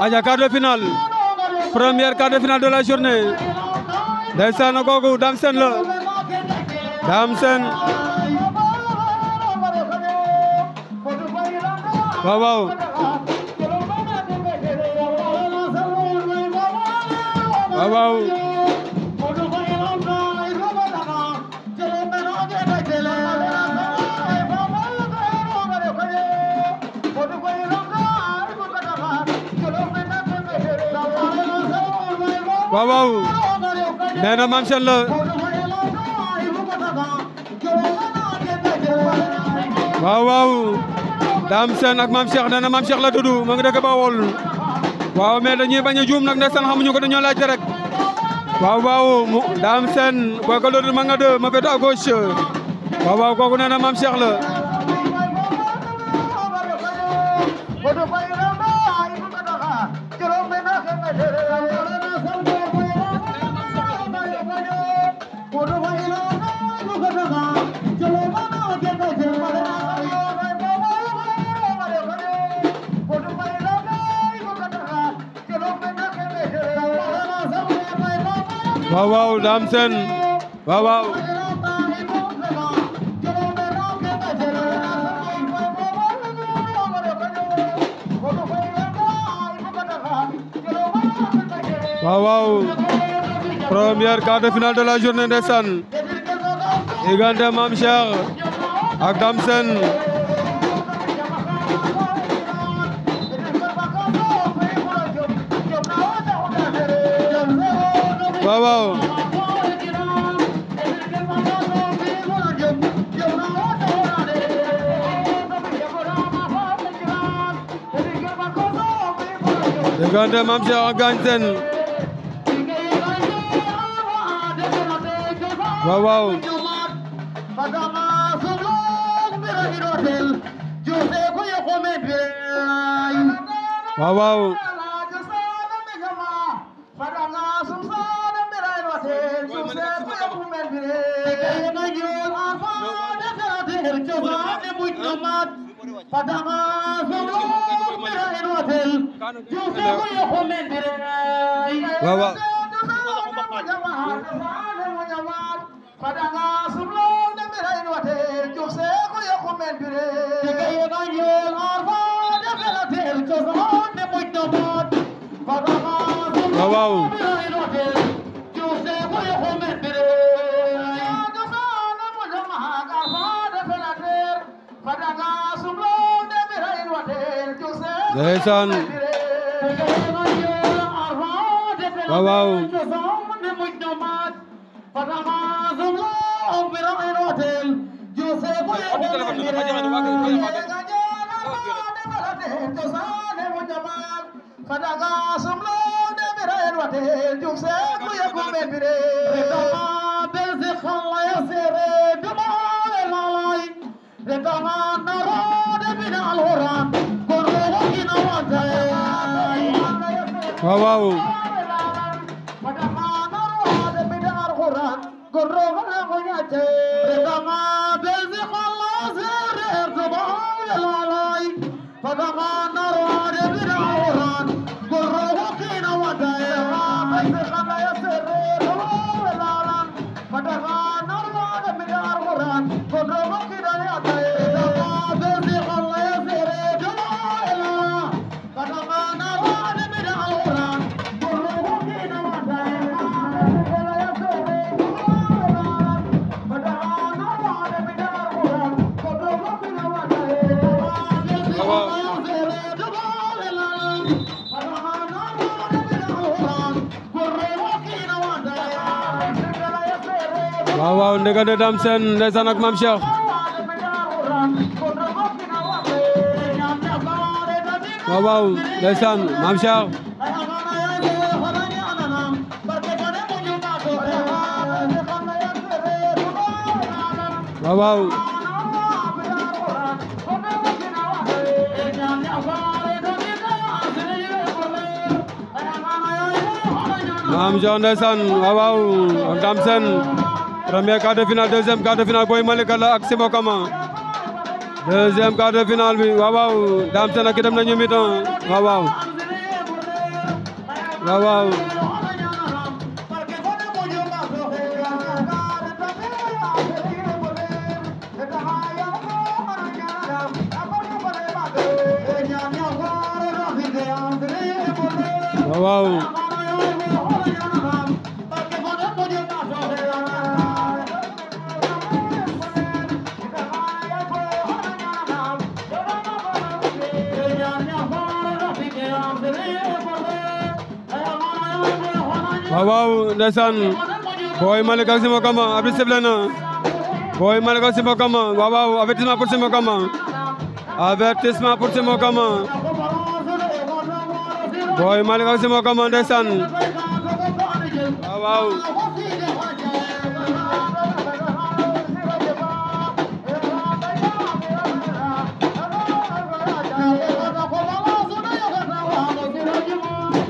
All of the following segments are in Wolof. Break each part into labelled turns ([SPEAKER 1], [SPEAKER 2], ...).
[SPEAKER 1] aja quart de finale première quart de finale de la journée ndeysaan kooku Dame la Dame Sène nee na Mame Sène la waaw waaw Dame Sène ak Mame Cheikh nee na Mame Cheikh la tudd ma ngi dëkk Bawol waaw mais dañuy bañ a juum nag ndeysaan xamuñu ko dañoo laajte rek waaw waaw Dame Sène booy ko loolu ma nga dë ma féete à gauche waaw waaw kooku na Mame Cheikh la waaw waaw Dame Sène waaw waaw waaw de la journée ndeysaan diggante Mame Cheikh ak Dame waaw waaw diggante Mame Cheikh ak Ngagne Sène waaw waaw waaw waaw
[SPEAKER 2] محمد قد أماثل من الوتل يسويه من درعي وهو قد أماثل من الوتل يسويه من درعي تكي يغير أرفان الوتل جزعون مجنبات قد
[SPEAKER 1] أماثل من
[SPEAKER 2] الوتل يسويه من درعي ndeysaan waaw waaw kadaga sumlo de birayen wate juk se ku ye ku me bire redama belzi khalla ya sere dama le lalai redama naro de bina al horan waaw waaw فقمان
[SPEAKER 1] waaw waaw ndegande Dame Sène ndeysaan ak Mame Cheikh waaw waaw ndeysaan Mame Cheikh waaw waaw Mame Cheikh ndeysaan waaw waaw Dame Sène premier quart de finale deuxième quart de finale Boy Malika la ak Sibo Kama deuxième quart de finale bi waaw waaw Dame Sène ak ki waaw ndeysaan Boy Malika ak si mbokkam arbitre sifflé na Boy Malika ak si mbokkam waaw waaw avertissement pour si mbokkam avertissement pour si mbokkam Boy Malika ak si mbokkam ndeysaan waaw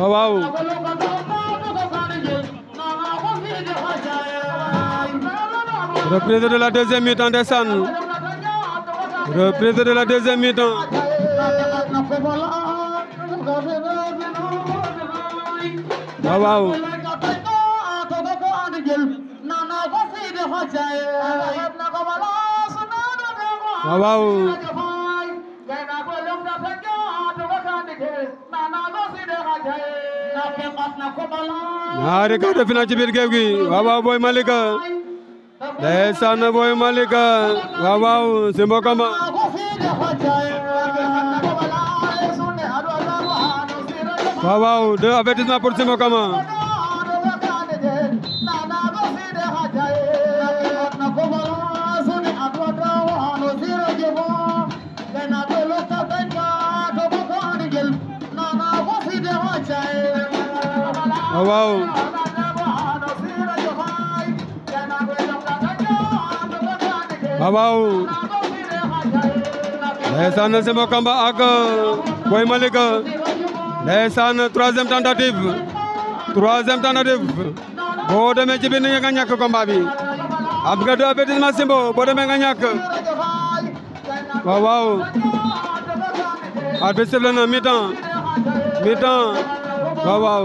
[SPEAKER 1] waaw waaw waaw reprise de la deuxième mi-temps ndeysaan reprise de la deuxième mi-temps
[SPEAKER 2] ah, waaw ah, waaw waaw waaw
[SPEAKER 1] ñaari kaw de final ci biir géew gi ah, waaw waaw booy Malika ऐसा न कोई मालिक सिंह कम बाबा बेटी पुर सिंह कम बाबा waaw waaw ndeysaan Simbo Kamba ak euh, Boy Malika ndeysaan troisième tentative troisième tentative boo demee ci biir nga ñàkk combat bi am nga deux avertissement Simbo boo demee nga ñàkk
[SPEAKER 2] waaw waaw arbitre siffle na mi-temps mi-temps waaw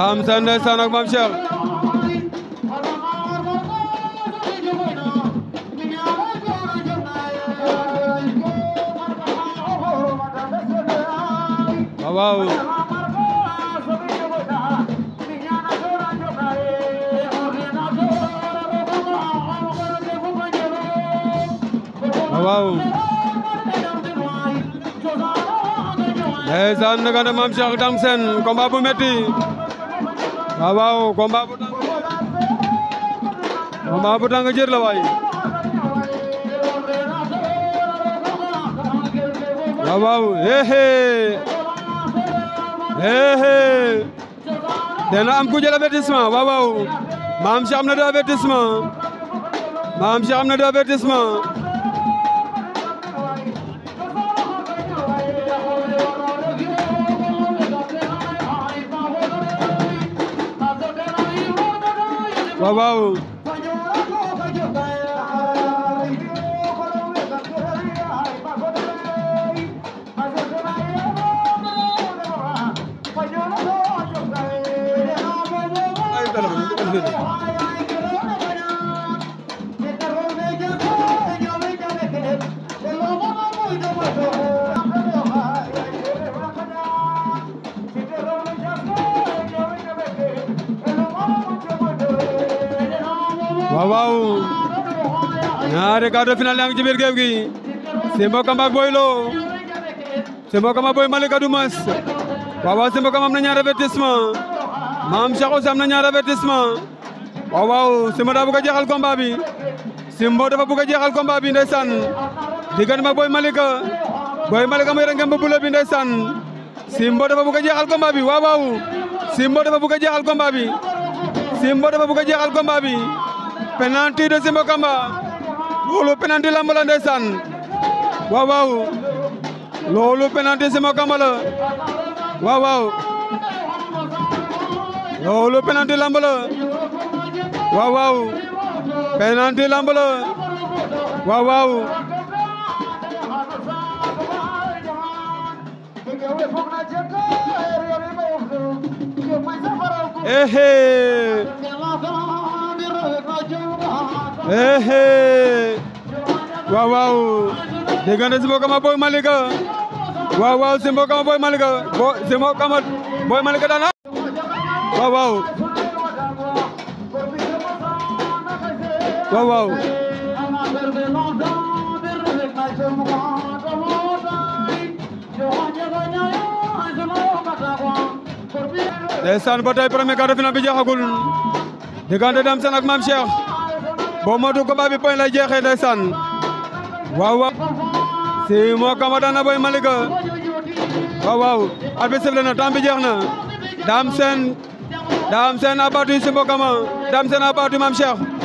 [SPEAKER 1] am sa ndeysaan ak Mame Cheikh waaw waaw ndeysaan nga ne Mame Cheikh Dame Sène combat bu metti Abao, kon babu tang. Kon babu tang jer lawai. Abao, he he. He he. Dena am ku jël avertissement, waaw waaw. Maam Cheikh am na deux avertissement. Maam Cheikh am na deux avertissement. g a w Wow, waaw ñaari ya, quart de finale yaa ngi ci biir géew gi Simbo Kama ak Boy Lo Boy Malika Dumas, mas waaw waaw Simbo Kama am na ñaari avertissement Maam Cheikh wow, am na ñaari avertissement waaw waaw Simbo daa bëgg a jeexal combat bi Simbo dafa bëgg a jeexal combat bi ndeysaan diggante ma Boy Malika Boy Malika mu yore ngeen ba bula bi ndeysaan Simbo wow wow, a jeexal combat bi waaw waaw Simbo dafa bëgg a combat bi Simbo dafa bëgg a jeexal combat bi penalty deuxième combat loolu penanti lamba la wow waaw waaw lolu penalty Simba wow la waaw waaw lolu wow wow, la
[SPEAKER 2] waaw waaw wow, lamb la waaw waaw ehe
[SPEAKER 1] waaw waaw dégg nga Simbo Kama Boy Malika waaw waaw Simbo Kama Boy Malika bo Simbo Kama Boy Malika daan na waaw waaw waaw waaw ndeysaan ba tey premier quart de finale bi jeexagul diggante Dame Sène ak Mame Cheikh boo motu combat bi point lay jeexee ndeysaan waaw waaw si moo kama daan na boy Malika waaw waaw arbitre sifflé na temps jeex na daam seen daam seen abaatu si mbokama daam seen abaatu